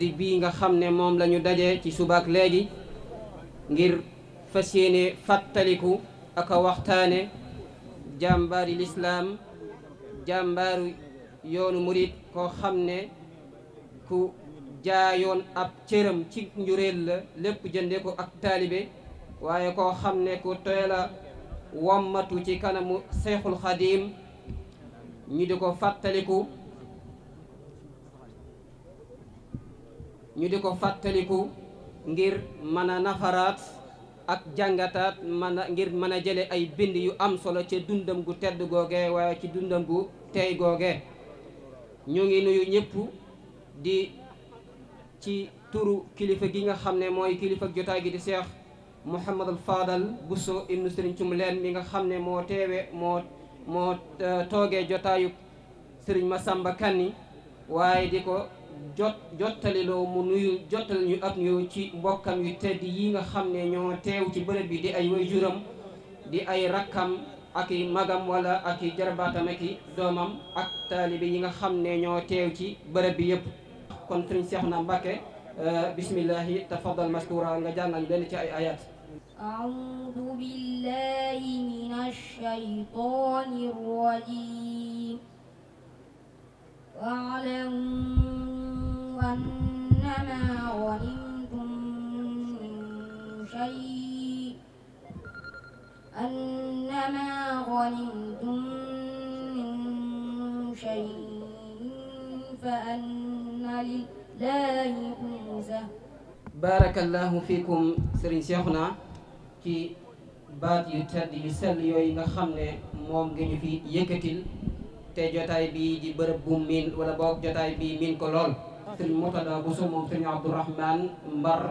tedd bii nga xam ne moom lañu ñu daje ci subaak léegi ngir fas yéene fàttaliku ak waxtaane jàmbaari lislaam jàmbaaru yoonu murit koo xam ne ku jaayoon ab cëram ci njuréel la lépp jënde ko ak taalibe waaye koo xam ne ku teel a ci kanamu seexul xadiim ñu di ko fàttaliku ñu di ko fàttaliku ngir mën a nafaraat ak jàngataat mën a ngir mën a jële ay bind yu am solo ci dundam gu tedd googe waaye ci dundam gu tey googe ñu ngi nuyu ñëpp di ci turu kilifa gi nga xam ne mooy kilifa jotaay gi di seex Mouhamadul Fadal Bousso ibnu Sëriñ Cumbuleen mi nga xam ne moo teewe moo moo toogee jotaayu Sëriñ Masamba Kanni waaye di ko jot jottaliloo mu nuyu jottal ñu ab ñu ci mbokkam yu tedd yi nga xam ne ñoo teew ci bërëb bi di ay waajuram di ay rakkam ak magam wala ak i jarbaatam ak i doomam ak taalibe yi nga xam ne ñoo teew ci bërëb bi yëpp kon sëriñ Seexuna Mbàkke euh, bismillahi tafadal maskura nga jàngal benn ci ay ayat أعوذ بالله من الشيطان الرجيم واعلموا أنما غنمتم من شيء أنما غنمتم من شيء baarakallahu fiikum sëriñ Seexuna ci baat yu tedd yu sell yooyu nga xam ne moom nga ñu fi yëkkatil te jotaay bi di bërëb bu miin wala boog jotaay bii miin ko lool Sëriñ Murtada Bousso moom Sëriñ Abdourahmane Mbar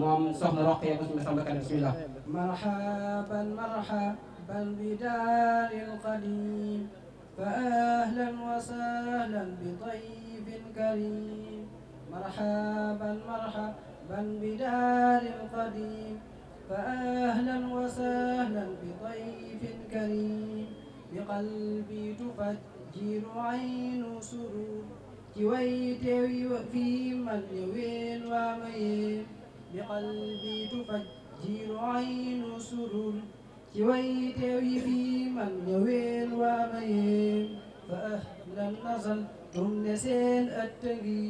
moom soxna Roqaya Bousso mi samba kan bismillah marhaban marhaban bi daaril qadim fa ahlan wa sahlan bi dayfin karim marhaban marhaban bi daaril qadim fa ahlan wa sahlan bi dayfin karim bi qalbi tufajjiru aynu surur ki way teew yi fi mag ñëween waa mayeen bi qalbi tufajjiru aynu surur ki way teew yi fii mag ñëween mayeen fa ahlan nasal tum ne seen attëgi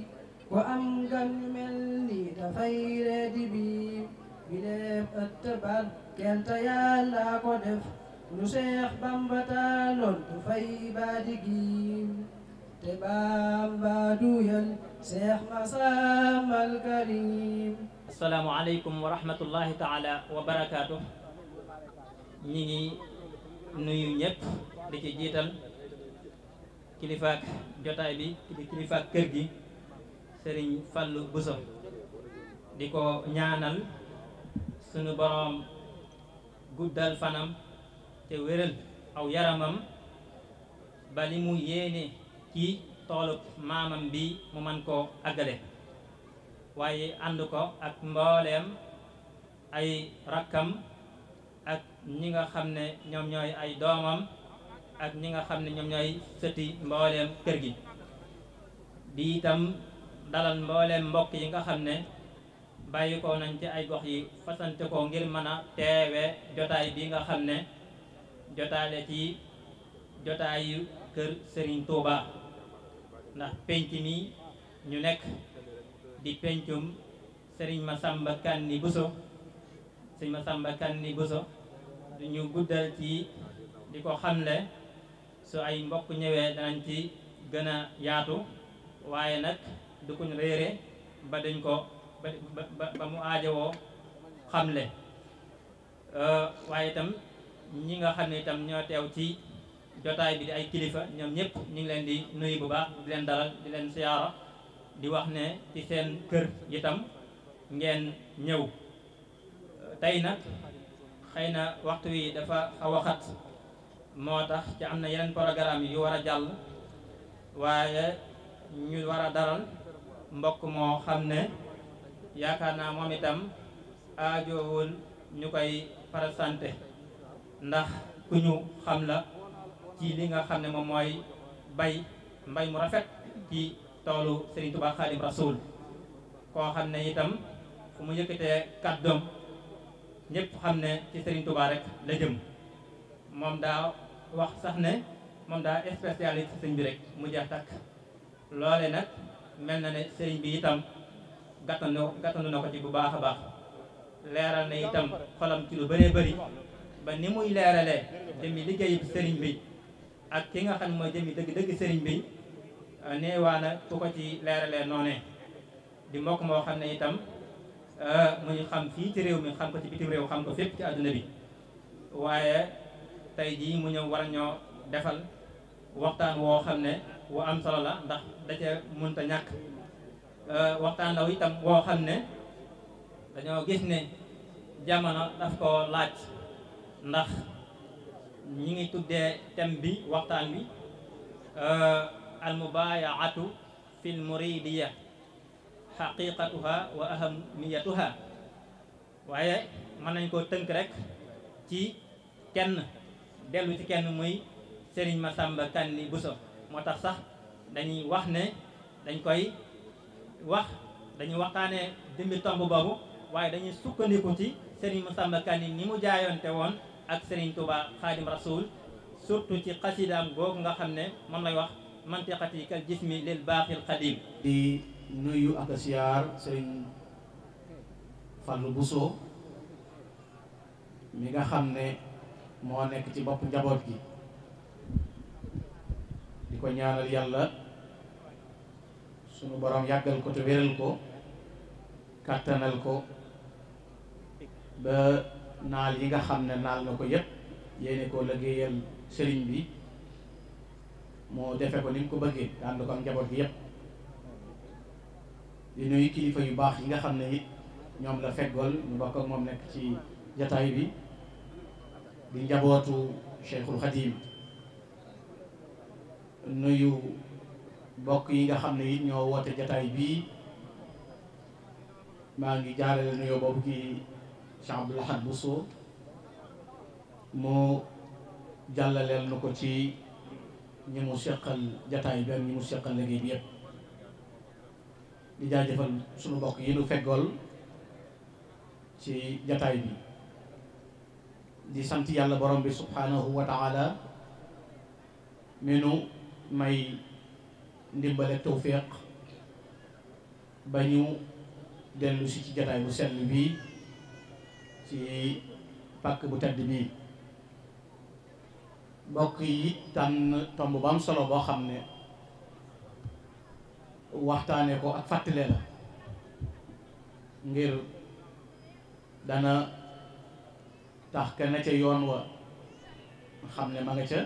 ko am gan yu ni dafay reedi biim bi léeb attabar kenta yàlla ko def lu Seex Bamba taaloon du fay baadi imaam Maaduyal Cheikh Massamba al Karim. asalaamualeykum wa rahmatullahi taala wa barakaatu. ñi nuyu ñëpp di ci jiital kilifaak jotaay bi kilifaak kër gi Serigne Fallou Bousso di ko ñaanal sunu boroom guddal fanam te wéral aw yaramam ba mu yéene. ci toolu maamam bi mu mën koo àggale waaye ànd ko ak mbooleem ay rakkam ak ñi nga xam ne ñoom ñooy ay doomam ak ñi nga xam ne ñoom ñooy sëti mbooleem kër gi di itam dalal mbooleem mbokk yi nga xam ne bàyyi ko nañ ci ay gox yi fasante ko ngir mën a teewe jotaay bi nga xam ne jotaale ci jotaayu kër sëriñ Touba ndax penc mi ñu nekk di pencum sëriñ Masamba Kanni Bousso sëriñ Masamba Kanni Bousso ñu guddal ci di ko xamle su ay mbokk ñëwee danañ ci gëna yaatu waaye nag du kuñ réere ba dañ ko ba ba mu aajowoo xamle euh, waaye itam ñi nga xam ne itam ñoo teew ci jotaay bi di ay kilifa ñoom ñëpp ñu ngi leen di nuyu bu baax di leen dalal di leen siyaara di wax ne ci seen kër itam ngeen ñëw tey nag xëy na waxtu wi dafa xaw xat moo tax ci am na yeneen programme yu war a jàll waaye ñu war a daral mbokk moo xam ne yaakaar naa moom itam aajowul ñu koy présenté ndax ku ñu xam la ci li nga xam ne moom mooy bay mbay mu rafet ci toolu Serigne Touba Khadim Rasoul koo xam ne itam fu mu yëkkatee kàddoom ñëpp xam ne ci Serigne Touba rek la jëm moom daa wax sax ne moom daa spécialiste sëñ bi rek mu jeex takk loole nag mel na ne sëriñ bi itam gàttanu gàttanu na ko ci bu baax a baax leeral na itam xolam ci lu bëree bëri ba ni muy leeralee demi liggéeyub sëriñ bi ak ki nga xam ne mooy jëmi dëgg-dëgg sëriñ bi euh, neewaa na ku ko ci leeralee noonee di mbokk moo xam ne itam euh, muy xam fii ci réew mi xam ko ci bitim réew xam ko fépp ci àdduna bi waaye tey jii mu ñëw war ñoo defal waxtaan woo xam ne wu am solo la ndax da ca mënta ñàkk euh, waxtaan law itam woo xam ne dañoo gis ne jamono daf ko laaj ndax ñu ngi tuddee thème bi waxtaan bi euh, al mubayaatu fi l muridiya xaqiqatuha wa ahamiyatuha waaye mën nañ koo tënk rek ci kenn dellu ci kenn muy sëriñ Masamba Kanni Bousso moo tax sax dañuy wax ne dañ koy wax dañuy waxtaanee dimbi tomb boobu waaye dañuy sukkandiku ci sëriñ Masamba Kanni ni mu jaayoonte woon ak Serigne Touba Khadim Rasoul surtout ci xasidaam googu nga xam ne moom lay wax mantiqati kal jismi lil baaxil xadim di nuyu ak siyaar Serigne Fallou Bousso mi nga xam ne moo nekk ci bopp njaboot gi di ko ñaanal yàlla sunu borom yàggal ko te wéral ko kàttanal ko ba naal yi nga xam ne naal na ko yépp yéene koo liggéeyal sëriñ bi moo defe ko ni mu ko bëggee ànd ko ak njaboot gi yépp di nuyu kilifa yu baax yi nga xam ne it ñoom la feggool ñu bokk moom nekk ci jataay bi di njabootu Cheikhul Khadim nuyu bokk yi nga xam ne it ñoo woote jataay bii maa ngi jaarale nuyoo boobu ki Cheikh Abdoul Ahad Bousso mu jàllaleel na ko ci ñi mu seqal jataay bi ak ñi mu seqal liggéey bi yépp di jaajëfal sunu mbokk yi nu feggool ci jataay bi di sant yàlla borom bi subhanahu wa taala mi nu may ndimbal ak ba ñu dellu ci jataay bu sell bii ci pàkk bu tedd bii mbokk yi tànn tomb ba am solo boo xam ne waxtaane ko ak fàttale la ngir dana tax ka na ca yoon wa xam ne ma nga ca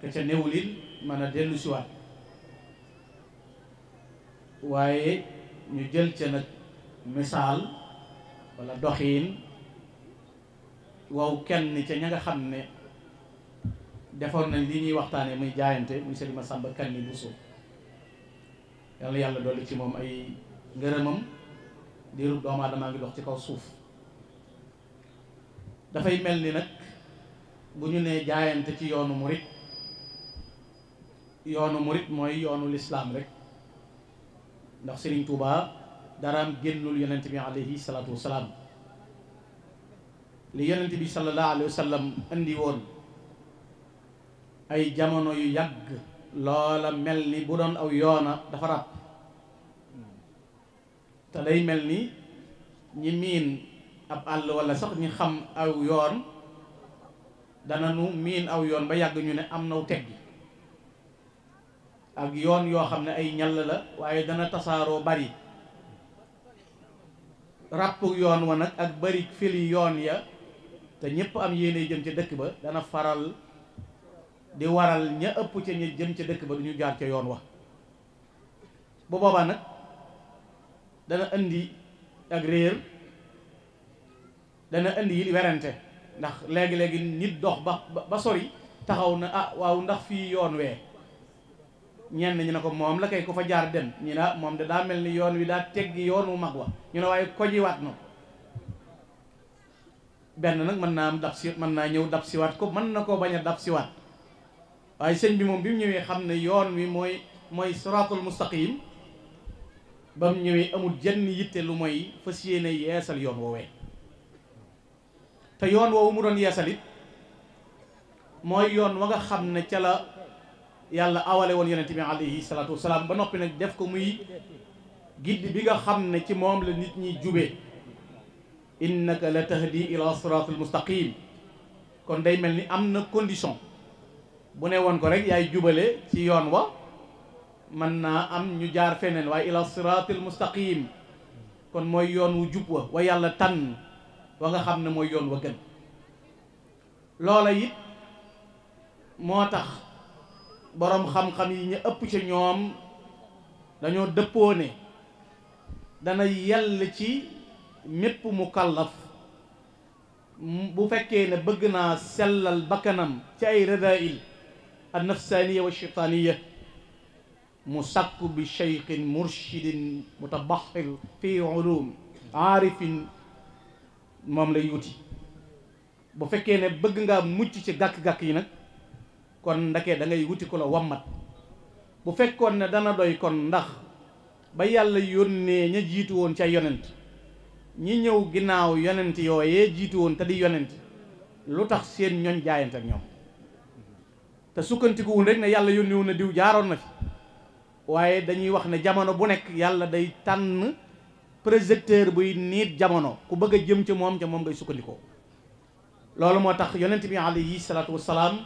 ka ca newulil mën a dellu waaye ñu jël ca nag misaal wala doxiin waw kenn ca ña nga xam ne defoon nañ li ñuy waxtaanee muy jaayante muy Sëriñ Masamba Kanni Bousso yàlla yàlla dolli ci moom ay ngërëmam diirub doomu aadama ngi dox ci kaw suuf dafay mel ni nag bu ñu nee jaayante ci yoonu murit yoonu murit mooy yoonu lislaam rek ndax Sëriñ Tuubaa dara génnul yonent bi alayhi salaatu wasalaam li yonent bi sallallahu alayhi wa sallam woon ay jamono yu yàgg loola mel ni bu doon aw yoona dafa ràpp te day mel ni ñi miin ab àll wala sax ñi xam aw yoon dana nu miin aw yoon ba yàgg ñu ne am naw teg ak yoon yoo xam ne ay ñall la waaye dana tasaaroo bari ràppug yoon wa nag ak bari fili yoon ya te ñëpp am yéene jëm ca dëkk ba dana faral di waral ña ëpp ca ña jëm ca dëkk ba du ñu jaar ca yoon wa bu boobaa nag dana indi ak réer dana indi yit werante ndax léegi-léegi nit dox ba ba sori taxaw na ah waaw ndax fii yoon wee ñenn ñu ne ko moom la kay ku fa jaar dem ñu ne ah, moom de daa mel ni yoon wi daa teggi yoonu mag wa ñu ne waaye kojiwaat na benn nag mën naa am dab si mën naa ñëw dab siwaat ko mën na koo bañ a dab siwaat waaye sëñ bi moom bi mu ñëwee xam ne yoon wi mooy mooy siraatul ba mu ñëwee amul jenn yitte lu mooy fas yéene yeesal yoon woowee te yoon woowu mu doon yeesal mooy yoon wa nga xam ne ca la yàlla awale woon yonente bi alayhi salaatu wasalaam ba noppi nag def ko muy giddi bi nga xam ne ci moom la nit ñi jubee innaka la tahdi ila siraatul mustaqim kon day mel ni am na condition bu ne woon ko rek yaay jubale ci yoon wa mën naa am ñu jaar feneen waaye ila siraatul mustaqim kon mooy yoon wu jub wa wa yàlla tànn wa nga xam ne mooy yoon wa gën loola it moo tax boroom xam-xam yi ñu ëpp ci ñoom dañoo dëppoo ne dana yell ci mépp mu kàllaf bu fekkee ne bëgg naa sellal bakkanam ci ay radail an nafsaaniya wa shaytaaniya mu sàkku bi cheykhin murshidin mutabaxil fi ulum aarifin moom lay wuti bu fekkee ne bëgg ngaa mucc ci gàkk-gàkk yi nag kon ndake da ngay wuti ku la wammat bu fekkoon ne dana doy kon ndax ba yàlla yónnee ña jiitu woon ca yonent ñi ñëw ginnaaw yonent yooyee jiitu woon te di yonent lu tax seen ñoñ jaayante ak ñoom te sukkantikuwul rek ne yàlla yónni wu na diw jaaroon na fi waaye dañuy wax ne jamono bu nekk yàlla day tànn projecteur buy niit jamono ku bëgg a jëm ci moom ca moom ngay sukkandikoo loolu moo tax yonent bi alayhi salaatu wassalaam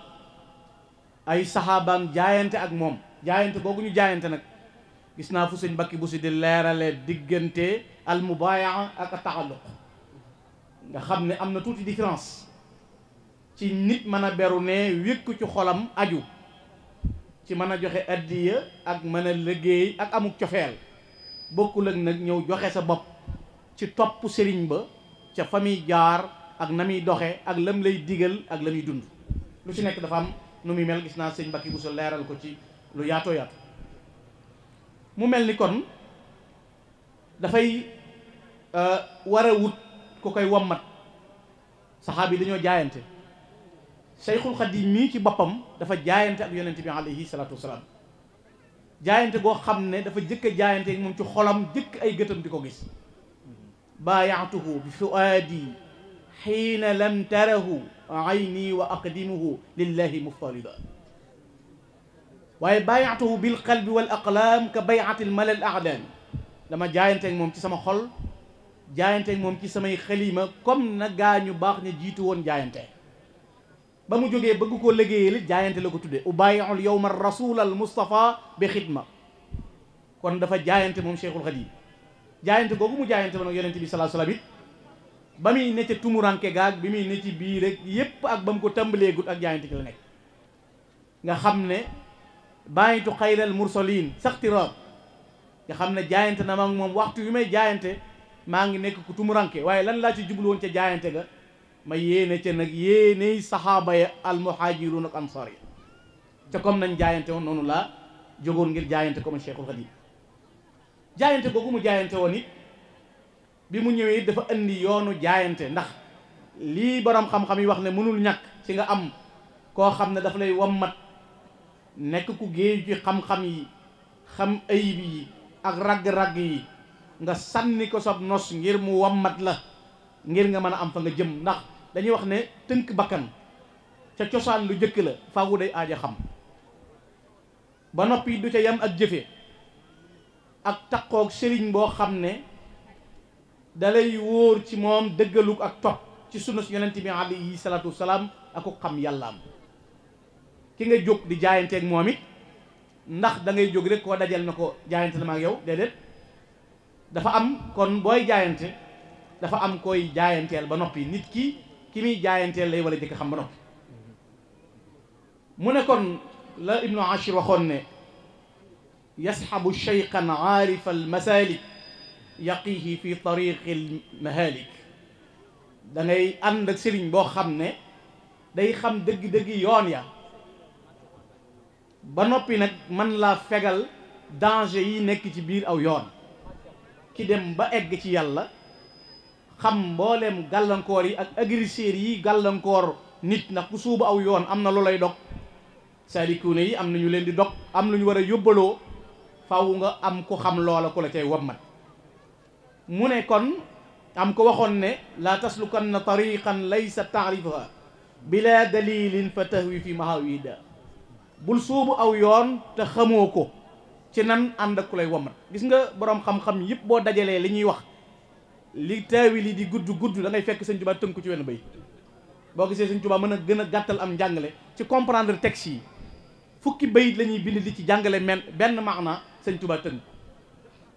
ay saxaabaam jaayante ak moom jaayante googu ñu jaayante nag gis naa fu sëñ Mbàkke bu si di leerale diggante al ak a taalluq nga xam ne am na tuuti différence ci nit mën a beru ne wékku ci xolam aju ci mën a joxe addiya ak mën a liggéey ak amuk cofeel bokkul ak nag ñëw joxe sa bopp ci topp sëriñ ba ca fa muy jaar ak na muy doxe ak lam lay digal ak la muy dund lu ci nekk dafa am nu muy mel gis naa sëñ Mbacke Bousso leeral ko ci lu yaatoo yaatu mu mel ni kon dafay euh, war a wut ku koy wommat saxaabi dañoo jaayante Seyxul Xadiim mii ci boppam dafa jaayante ak yonent bi alayhi salaatu wasalaam jaayante goo xam ne dafa jëkk jaayante ak moom ci xolam jëkk ay gëtam di ko gis baayaatuhu bi fuaadi xiina lam tarahu ayni wa aqdimuhu lillahi muftalida waaye bayatuhu bil qalbi wal aqlaam ka bayatil malal aadaami dama jaayanteeg moom ci sama xol jaayanteeg moom ci samay xalima comme na gaa ñu baax ne jiitu woon jaayante ba mu jógee bëgg koo liggéeyal jaayante la ko tudde tuddee ubayiul yowma rasul al mustafa bi xidma kon dafa jaayante moom cheikhul xadim jaayante googu mu jaayante woon ak yonente bi salaa salaam it ba muy ne ca tumuranke gaag bi muy ne ci bii rek yépp ak ba mu ko tàmbaleegut ak jaayante ci la nekk nga xam ne bàyyitu xayral mursalin saxti nga xam ne jaayante na ma moom waxtu yu may jaayante maa ngi nekk ku tumuranke waaye lan laa ci jublu woon ca jaayante ga ma yéene ca nag yéeney saxaaba ya almuhaajiruun nag ansaar ya te comme nañ jaayante woon noonu laa jógoon ngir jaayante ko man Cheikhul mu jaayante woon it bi mu ñëwee dafa indi yoonu jaayante ndax lii boroom xam-xam yi wax ne mënul ñàkk ci nga am koo xam ne dafa lay wammat nekk ku géeju ci xam-xam yi xam ayib yi ak ragg ràgg yi nga sànni ko sob nos ngir mu wammat la ngir nga mën a am fa nga jëm ndax dañuy wax ne tënk bakkan ca cosaan lu jëkk la faawu day aaja xam ba noppi du ca yam ak jëfe ak taqoog sëriñ boo xam ne dalay wóor ci moom dëggaluk ak topp ci sunna yonent bi alayhi salaatu wasalaam aku xam yàllaam ki nga jóg di jaayanteeg moom it ndax dangay jóg rek koo dajal na ko jaayante na ma ak yow déedéet dafa am kon booy jaayante dafa am koy jaayanteel ba noppi nit ki ki muy jaayanteel lay wala jëkk xam ba noppi mu ne kon la ibnu ashir waxoon ne yasxabu cheykhan aarifa almasalik yaqihi fi tariqil mahalik da ngay ànd ak sëriñ boo xam ne day xam dëgg-dëgg yoon ya ba noppi nag man laa fegal danger yi nekk ci biir aw yoon ki dem ba egg ci yàlla xam mbooleem gàllankoor yi ak agresseurs yi gàllankoor nit ndax ku suuba aw yoon am na lu lay dog saalikuune yi am na ñu leen di dog am lu ñu war a yóbbaloo faw nga am ku xam loola ku la cay wommat mu ne kon am ko waxoon ne laa taslu taslukanna lay sa taarifuha bila dalilin fa tahwi fi mahawida bul suubu aw yoon te xamoo ko ci nan ànd ak ku lay wamat gis nga boroom xam-xam yëpp boo dajalee li ñuy wax li taawi li di gudd gudd da ngay fekk sëñ Tuubaa tënku ci wenn bay boo gisee sëñ Tuubaa mën a gën a gàttal am njàngale ci comprendre texte yi fukki bayit lañuy bind di ci jàngale men benn maana sëñ Tuubaa tënk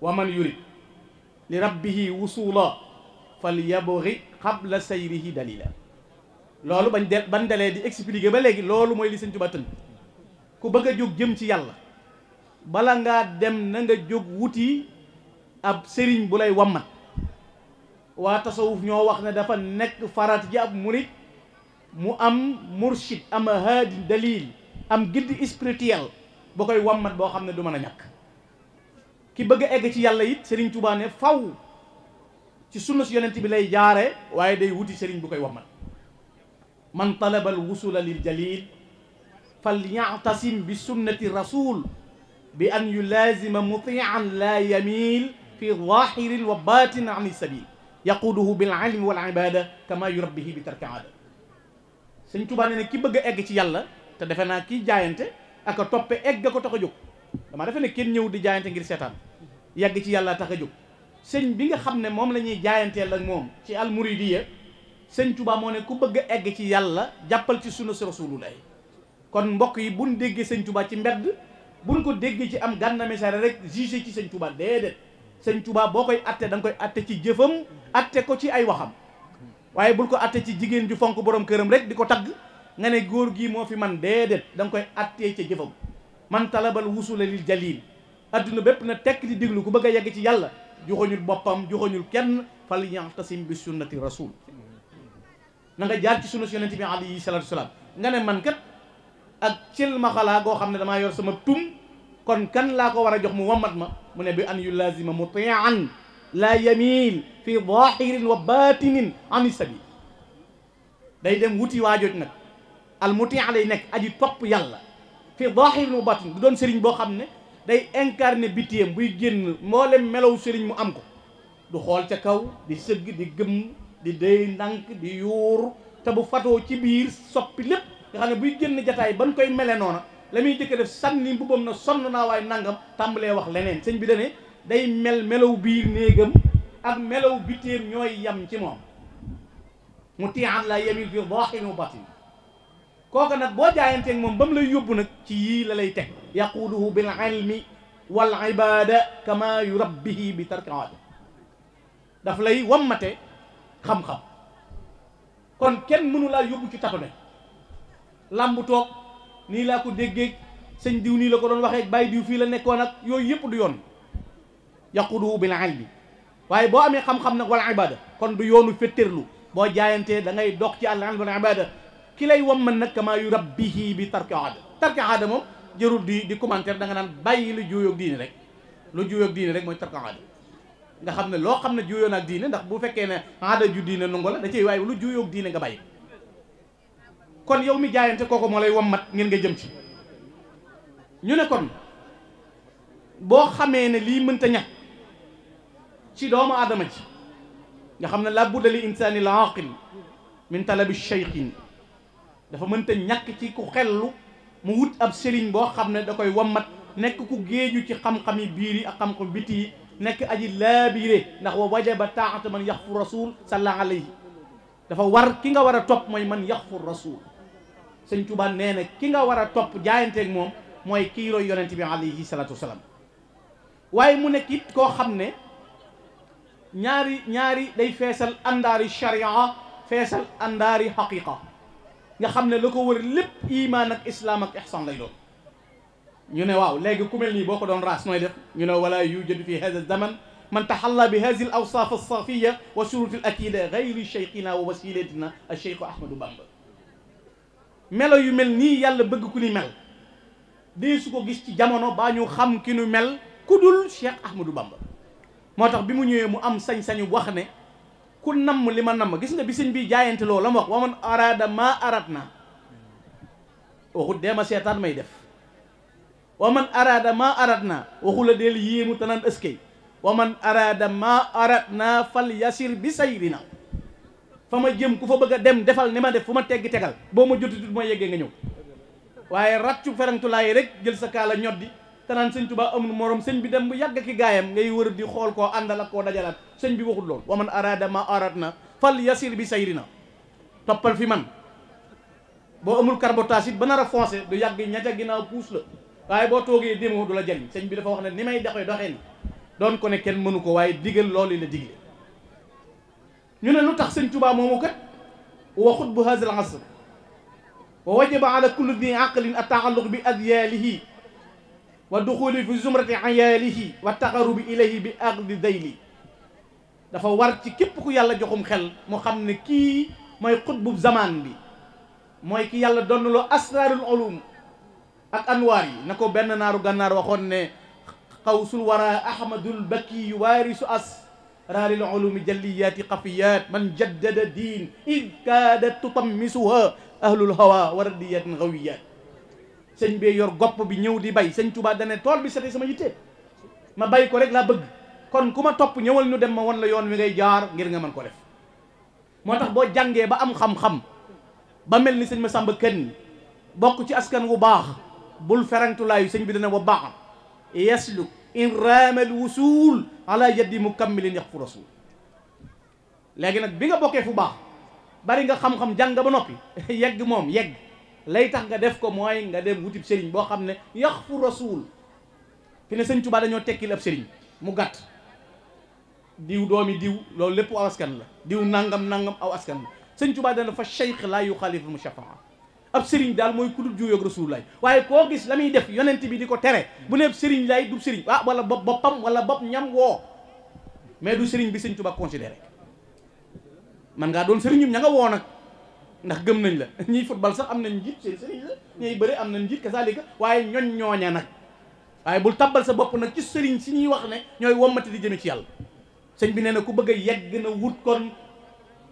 wa man yurid li rabbihi wusula fal yabri qabla sayrihi dalila loolu bañ de ban dalee di expliquer ba léegi loolu mooy li sëñ Tuubaa ku bëgg a jóg jëm ci yàlla bala ngaa dem na nga jóg wuti ab sëriñ bu lay wammat waa tasawuf ñoo wax ne dafa nekk farat ji ab murit mu am murshid am haadi dalil am guide spirituel bu koy wammat boo xam ne du mën a ñàkk ki bëgg a egg ci yàlla it Serigne Touba ne faw ci sunna si yonent bi lay jaare waaye day wuti Serigne bu koy wax man man talaba al wusula lil jalil fal yactasim bi sunnati rasul bi an yulaazima mutian la yamil fi zahirin wa batin an sabil yaquduhu bil ilmi bi tarki aada Serigne ki bëgg a ci yàlla te defe naa ki jaayante ak a toppe egg ko tax a dama defe ne kenn ñëw di jaayante ngir seetaan yàgg ci yàlla tax a jóg sëñ bi nga xam ne moom la ñuy jaayanteel ak moom ci almuridiya sëñ tubaa moo ne ku bëgg egg ci yàlla jàppal ci sunna rasulullah kon mbokk yi buñ déggee sëñ Tuubaa ci mbedd buñ ko déggee ci am Gana Messere rek jugé ci sëñ Tuubaa déedéet sëñ Tuubaa boo koy atte da nga koy atte ci jëfam atte ko ci ay waxam waaye bul ko atte ci jigéen ju fonk boroom këram rek di ko tagg nga ne góor gii moo fi man déedéet da nga koy attee ca jëfam man talabal wusula lil jalil adduna bépp na tekk di déglu ku bëgg a yegg ci yàlla joxoñul boppam joxoñul kenn fal yaxtasim bi sunnati rasul na nga jaar ci sunna si yonente bi alayhi salatu salaam nga ne man kat ak lu ma xalaa goo xam ne damaa yor sama tum kon kan laa ko war a jox mu wammat ma mu ne bi an yu lazima mutian laa yamiil fi zahirin wa batinin ani sabil day dem wuti waajooj nag al mutia lay nekk aji topp yàlla fii daahiril mu batin du doon sëriñ boo xam ne day incarné bitiyam buy génn mboolem melaw sëriñ mu am ko du xool ca kaw di sëgg di gëmm di dey ndànk di yuur te bu fatoo ci biir soppi lépp nga xam ne buy génn jataay ban koy mele noona la muy jëkk def sànni mbubbam na sonn naa waaye nangam tàmbalee wax leneen sëñ bi dane day mel melow biir néegam ak melaw bitiyam ñooy yam ci moom mu tian la yemil fii daahiril mu batin kooka nag boo jaayanteeg moom ba mu lay yóbbu nag ci yii la lay teg yaquuduhu bil ilmi wal ibada yu yurabbihi bi tarkiwaat daf lay wammate xam-xam kon kenn mënu laa yóbbu ci tapane làmb toog nii laa ko déggee sëñ diw nii la ko doon waxee bàyyi diw fii la nekkoon ak yooyu yëpp du yoon yaquuduhu bil ilmi waaye boo amee xam-xam nag wal ibada kon du yoonu féttéerlu boo jaayantee da ngay dox ci al ilm wal ibada ki lay wamman nag kamaa yu rabbihi bi tarki aada tarki aada moom jërul di di commentaire da nga naan bàyyi lu juuyoog diine rek lu juuyoog diine rek mooy tarki aada nga xam ne loo xam ne juuyoon ak diine ndax bu fekkee ne aada ju diine nangu la da cay lu juuyoog diine nga bàyyi kon yow mi jaayante kooku moo lay wammat ngeen nga jëm ci ñu ne kon boo xamee ne lii mënta ñax ci doomu aadama ji nga xam ne la budda li insaani l aqil min talabi cheykhin dafa mënta ñàkk ci ku xellu mu wut ab sëriñ boo xam ne da koy wammat nekk ku géeju ci xam-xami biir yi ak xam-xam biti yi nekk aji laabiire ndax wa wajaba taata man yaxfu rasul salla yi dafa war ki nga war a topp mooy man yaxfu rasul sëñ Tuubaa nee na ki nga war a topp jaayanteeg moom mooy kii roy yonent bi alayhi salatu wasalaam waaye mu nekk it koo xam ne ñaari ñaari day feesal àndaari sharia feesal àndaari xaqiqa nga xam ne la ko wër lépp iman ak islaam ak ihsan lay ñu ne waaw léegi ku mel nii boo ko doon raas nooy def ñu ne wala yujadu fi hada zaman man taxalla bi hadi al awsaaf al safiya wa shurut al akida gayri cheikhina wa wasilatina al cheikhu ahmadou bamba melo yu mel nii yàlla bëgg ku ni mel di su ko gis ci jamono baa ñu xam ki nu mel ku dul cheikh ahmadou bamba moo tax bi mu ñëwee mu am sañ-sañu wax ne ku namm li ma namm gis nga bisiñ sëñ bi jaayante loolu la ma wax waman araada maa araat na waxut dee ma seetaan may def wa man araada maa araat na waxula del yéemu tanaan ëskay waman araada maa araat na fal yasir bi sayrina fa ma jëm ku fa bëgg dem defal ni ma def fu ma teggi tegal boo ma jotitut ma yeggee nga ñëw waaye ràccu ferantulaay rek jël sa kaala ñoddi kanaan naan sëñ Tuubaa amul morom sëñ bi dem bu yàgg ki gaayam ngay wër di xool koo àndal ak koo dajalaat sëñ bi waxul lool waman arada ma arat na fal yasir bi sayri na toppal fi man boo amul carbotage it ba nar a foncé du yàgg ña ca ginnaaw puus la waaye boo toogee démo du la jëriñ sëñ bi dafa wax ne ni may doxee doxee ni doon ko ne kenn mënu ko waaye digal loolu la digle ñu ne lu tax sëñ tubaa moomu kat waxut bu hasal asr wa wajaba ala kulli di aqlin wa duxuli fi zumrati ayaalihi wa taqarubi ilayhi bi aqdi dayli dafa war ci képp ku yàlla joxum xel mu xam ne kii mooy xutbub zamaan bi mooy ki yàlla donnaloo asraarul ulum ak anwaar yi na ko benn naaru gànnaar waxoon ne xawsul wara ahmadul baki waarisu asraaril ulumi jalliyaati xafiyaat man jaddada diin id kaadat tutamisuha ahlul hawa wa radiyatin xawiyaat sëñ bee yor gopp bi ñëw di bay sëñ tubaat dane tool bi setee sama yitte ma bay ko rek laa bëgg kon ku ma topp ñëwal ñu dem ma won la yoon wi ngay jaar ngir nga mën ko def moo tax boo jàngee ba am xam-xam ba mel ni sëñ ma sàmba kenn bokk ci askan wu baax bul ferantulaayu sëñ bi dana wa baax yasluk in raamal wusuul ala yaddi mukammilin yax fu rasul léegi nag bi nga bokkee fu baax bari nga xam-xam jàng ba noppi yegg moom yegg lay tax nga def ko mooy nga dem wutib sëriñ boo xam ne yax fu rasul fi ne sëñ Tuubaa dañoo tekkil ab sëriñ mu gàtt diw yi diw loolu lépp aw askan la diw nangam nangam aw askan la sëñ Tuubaa dana fa cheikh laa yu xaaliful mushafaa ab sëriñ daal mooy ku dul juyoog rasulullaay waaye koo gis la muy def yonent bi di ko tere bu neeb sëriñ lay du sëriñ ah wala bopp boppam wala bopp ñam woo mais du sëriñ bi sëñ Tuubaa considéré man ngaa doon sëriñum ña woo nag ndax gëm nañ la ñiy football sax am na njiit seen sëriñ la ñuy bëri am na njiit kasaalika waaye ñoñ ñooña nag waaye bul tabbal sa bopp nag ci sëriñ si ñuy wax ne ñooy wommati di jëme ci yàlla sëñ bi nee na ku bëgg a yegg na wut kon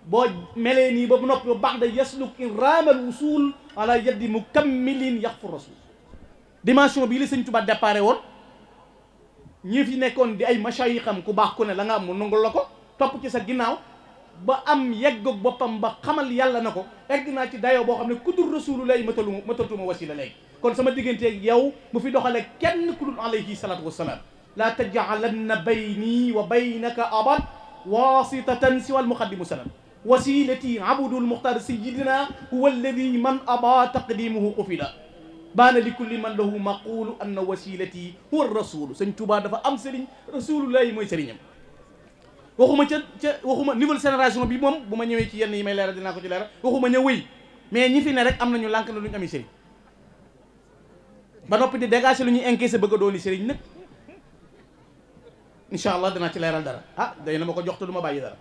boo melee nii ba bu noppi ba baax da yasluk iraamal usul ala yaddi mukammilin yaqfu rasul dimension bii la sëñ Tuubaa déparé woon ñi yi nekkoon di ay mashayixam ku baax ku ne la nga am mu nungul la ko topp ci sa ginnaaw ba am yeggug boppam ba xamal yàlla na ko egg naa ci dayoo boo xam ne ku dul rasulu lay matalu matatuma wasila léegi kon sama digganteeg yow mu fi doxale kenn ku dul alayhi salaatu wasalaam laa tajcalanna bayni wa baynaka abad wasitatan siwa almuqaddimu salam wasilati abdu lmuxtaar sayidina huwa alladi man aba taqdimuhu qufila baana li kulli man lahu maqulu anna wasilati huwa rasulu sëñ Tuubaa dafa am sëriñ rasulullahi mooy sëriñam waxuma ca ca waxuma nouvelle génération bi moom bu ma ñëwee ci yenn yi may leeral dinaa ko ci leeral waxuma ña wëy mais ñi fi ne rek am nañu lànk na duñu ami sëriñ ba noppi di dégager lu ñuy encaissé bëgg a doon sëriñ nag incha allah danaa ci leeral dara ah day na ma ko jox te du ma bàyyi dara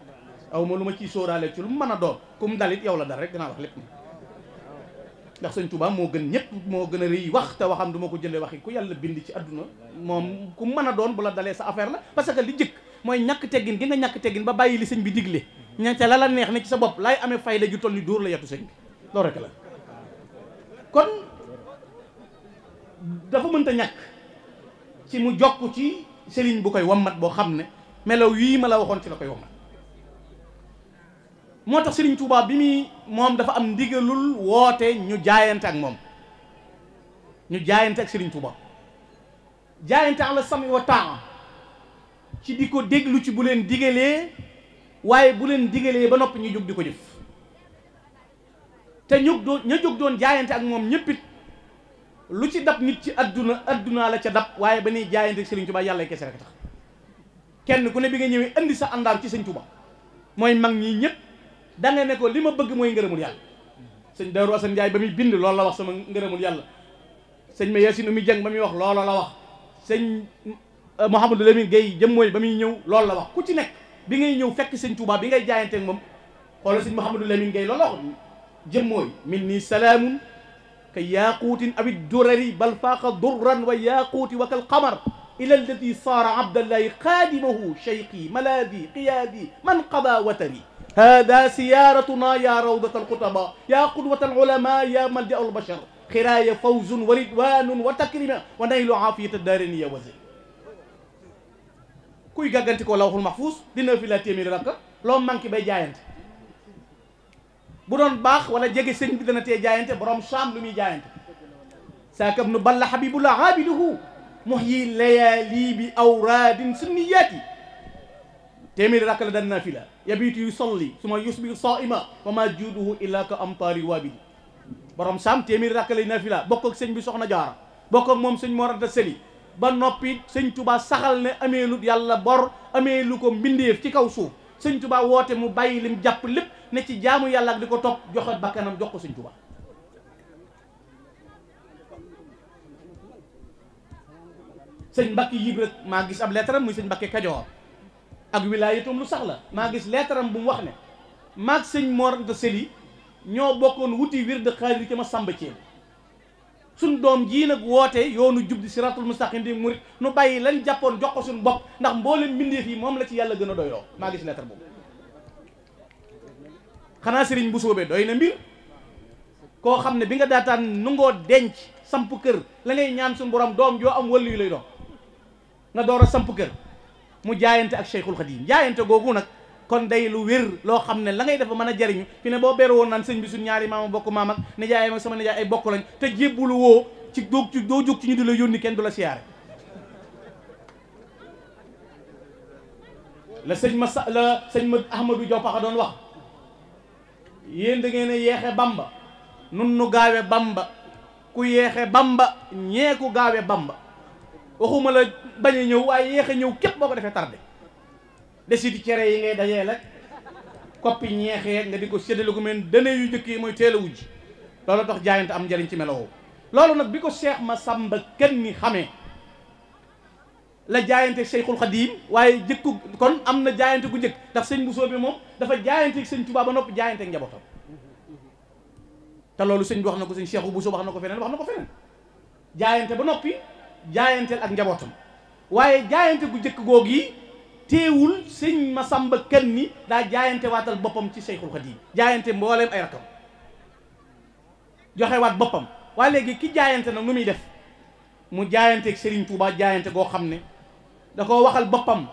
aw ma lu ma ciy sóoraale ci lu mu mën a doon ku mu dalit yow la dara rek dinaa wax lépp ndax sëñ Tuubaa moo gën ñëpp moo gën a rëy wax te waxam du ma ko jënde waxi ku yàlla bind ci àdduna moom ku mën a doon bu la dalee sa affaire la parce que li jëkk mooy ñàkk teggin gi nga ñàkk teggin ba bàyyi li sëñ bi digle ña ca la la neex ne ci sa bopp ame amee fayda ju toll ni dóor la yatu sëñ bi loolu rek la kon dafa mënta ñàkk ci mu jokk ci sëriñ bu koy wammat boo xam ne melow yii ma la waxoon ci la koy wammat moo tax sëriñ Touba bi muy moom dafa am ndigalul woote ñu jaayante ak moom ñu jaayante ak sëriñ Touba jaayante ala sami wa taa ci di ko déglu ci bu leen digalee waaye bu leen digalee ba noppi ñu jóg di ko jëf te ñu doon ña jóg doon jaayante ak moom ñëppit lu ci dab nit ci adduna addunaa la ca dab waaye ba nuy jaayante ak Serigne Touba yàlla kese rek tax kenn ku ne bi nga ñëwee indi sa àndaar ci Serigne Touba mooy mag ñi ñëpp da nga ne ko li ma bëgg mooy ngërëmul yàlla sëñ Darou Assane ba muy bind lool la wax sama ngërëmul yàlla sëñ ma Yacine mi jëng ba muy wax loolu la wax sëñ Euh, Mouhamadou Lamine Gueye jëm mooy ba muy ñëw loolu la wax ku ci nekk bi ngay ñëw fekk sëñ Touba bi ngay jaayante ak moom xoolal sëñ Mouhamadou Lamine Gueye loolu la wax jëm mooy min nii salaamun ka yaaquutin awit durari bal faaqa durran wa yaaquuti wa kal qamar ila alladi saara abdallahi xaadimahu cheyqi malaadi qiyaadi man qada watari hada siyaaratuna ya rawdat alxutaba ya qudwat alulama ya malja albashar xiraaya fawzun wa ridwanun wa takrima wa naylu aafiyata daareniya wasir kuy gàggantikoo la mahfuus dina fi la téeméeri rakka loo manqué bay jaayante bu doon baax wala jege sëñ bi dana tee jaayante borom saam lu muy jaayante saakab nu balla habibullah aabiduhu muhyi layaali bi awraadin sunniyaati téeméeri rakk la dan naafila yabiitu yu solli suma yusbi saa'ima wa ma juuduhu illaa ka amtaari waabidi borom saam téeméeri rakk lay naafila bokk ak bi soxna jaara bokk ak moom sëñ Mor Anta Sali ba noppi sëñ tubaa saxal ne ameelut yàlla bor amee lu ko mbindeef ci kaw suuf sëñ tubaa woote mu bàyyi lim jàpp lépp ne ci jaamu yàlla ak di ko topp joxe bàkkanam jox ko sëñ tubaa sëñ Mbacke Yibra maa gis ab leetaram muy sëñ Mbacke Kajoor ak wilaayatum lu sax la maa gis leetaram bu mu wax ne maag sëñ Mor Anta Seli ñoo bokkoon wuti wird xaadir ci ma sàmba Thiel suñ doom jii nag woote yoonu jub di siratul mustaqim di murit nu bàyyi lañ jàppoon jox ko suñ bopp ndax mboolem mbindeef yi moom la ci yàlla gën a doyloo maa gis lettre boobu xanaa sëriñ bu soobee doy na mbir koo xam ne bi nga daataan nungoo denc samp kër la ngay ñaan suñ borom doom joo am wëllu yu lay doon nga door a samp kër mu jaayante ak cheikhul xadim jaayante googu nag kon day lu wér loo xam ne la ngay def ba mën a jariñ fi ne boo beru woon naan sëñ bi suñ ñaari maama bokk maam ak nijaay ak sama nijaay ay bokk lañ te jébbulu woo ci doo ci doo jóg ci ñu di la yónni kenn du la siyaare la sëñ ma sax la sëñ ma Ahmadou Diop a doon wax yéen dangeen ngeen yeexe bamba nun nu gaawe bamba ku yeexe bamba ñee ku gaawe bamba waxuma la bañ a ñëw waaye yeexe ñëw képp boo ko defee tardé desitu cere yi ngay dajee la koppi ñeexee nga di ko séddale ko mel dane yu njëkk yi mooy teel a wujj loolu tax jaayante am njëriñ ci melow loolu nag bi ko seex ma Cheikh Massamba Kanni xamee la jaayante Cheikhul Khadim waaye jëkku kon am na jaayante ku njëkk ndax sëñ Bousso bi moom dafa jaayante ak sëñ Touba ba noppi jaayante ak njabootam loolu sëñ bi na ko sëñ Cheikh Bousso wax na ko feneen wax na ko feneen jaayante ba noppi jaayanteel ak njabootam waaye jaayante gu njëkk googu yi teewul sëñ Masamba Kan ni daa jaayante waatal boppam ci Seyxul Xadiim jaayante mbooleem ay rakam joxe waat boppam waaye léegi ki jaayante nag nu def mu jaayanteek Serigne Touba jaayante goo xam ne da koo waxal boppam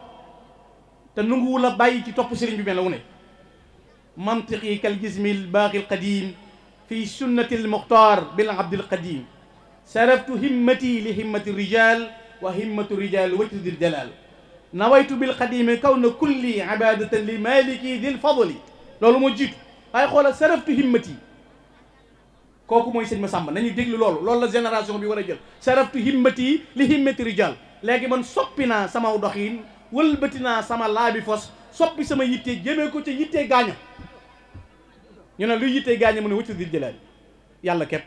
te nanguwu la bàyyi ci topp Serigne bi melaw la wu ne mantiqi kal jismil baaxil qadim fi sunnatil muxtaar bil abdil qadim saraftu himmati li himmati rijal wa himmatu rijal wajhudil jalal nawaytu bil xadimi kaw na kulli ibadatan li maliki dil fadli loolu moo jiitu waaye xoolal saraftu himmati kooku mooy ma Massamba nañu déglu loolu loolu la génération bi war a jël saraftu himmati li himmati rijal léegi man soppi naa sama doxin wëlbati naa sama laabi fos soppi sama yittee jëmee ko ca yittee gaaño ñu ne lu yittee gaaño mu ne wëccu di jëlaat yàlla képp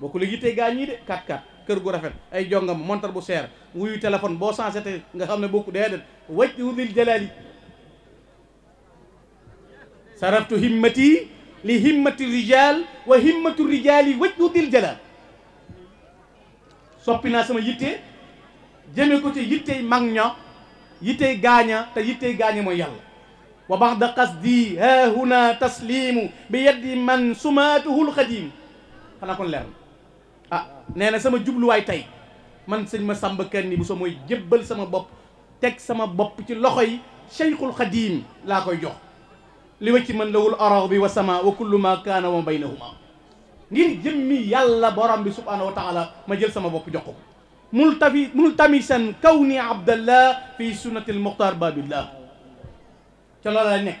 boo ko lu yittee gaañ yi de kat kat kër gu rafet ay jongam montar bu seer wuyu téléphone boo sensé te nga xam ne bokku wa wajhu lil jalali saraftu himmati li himmati rijal wa himmatu rijali wajhu lil jalal soppi sama yitte jëme ko ci yittey mag ña gaaña te yittey gaaña mooy yàlla wa baxda qasdi ha huna taslimu bi yaddi man sumaatuhu lxadimu xanaa kon leer nee na sama jubluwaay tey man sëñ ma sàmba kanni bu so mooy jébbal sama bopp teg sama bopp ci loxo yi cheikhul xadim laa koy jox li wa ci mën lawul araw bi wa sama wa kullu ma kaana wa baynahuma ngir jëmmi yàlla borom bi subhanahu wa taala ma jël sama bopp jox ko multafi multamisan kawni abdallah fi sunnati al muxtar babillah ca loola lañ nekk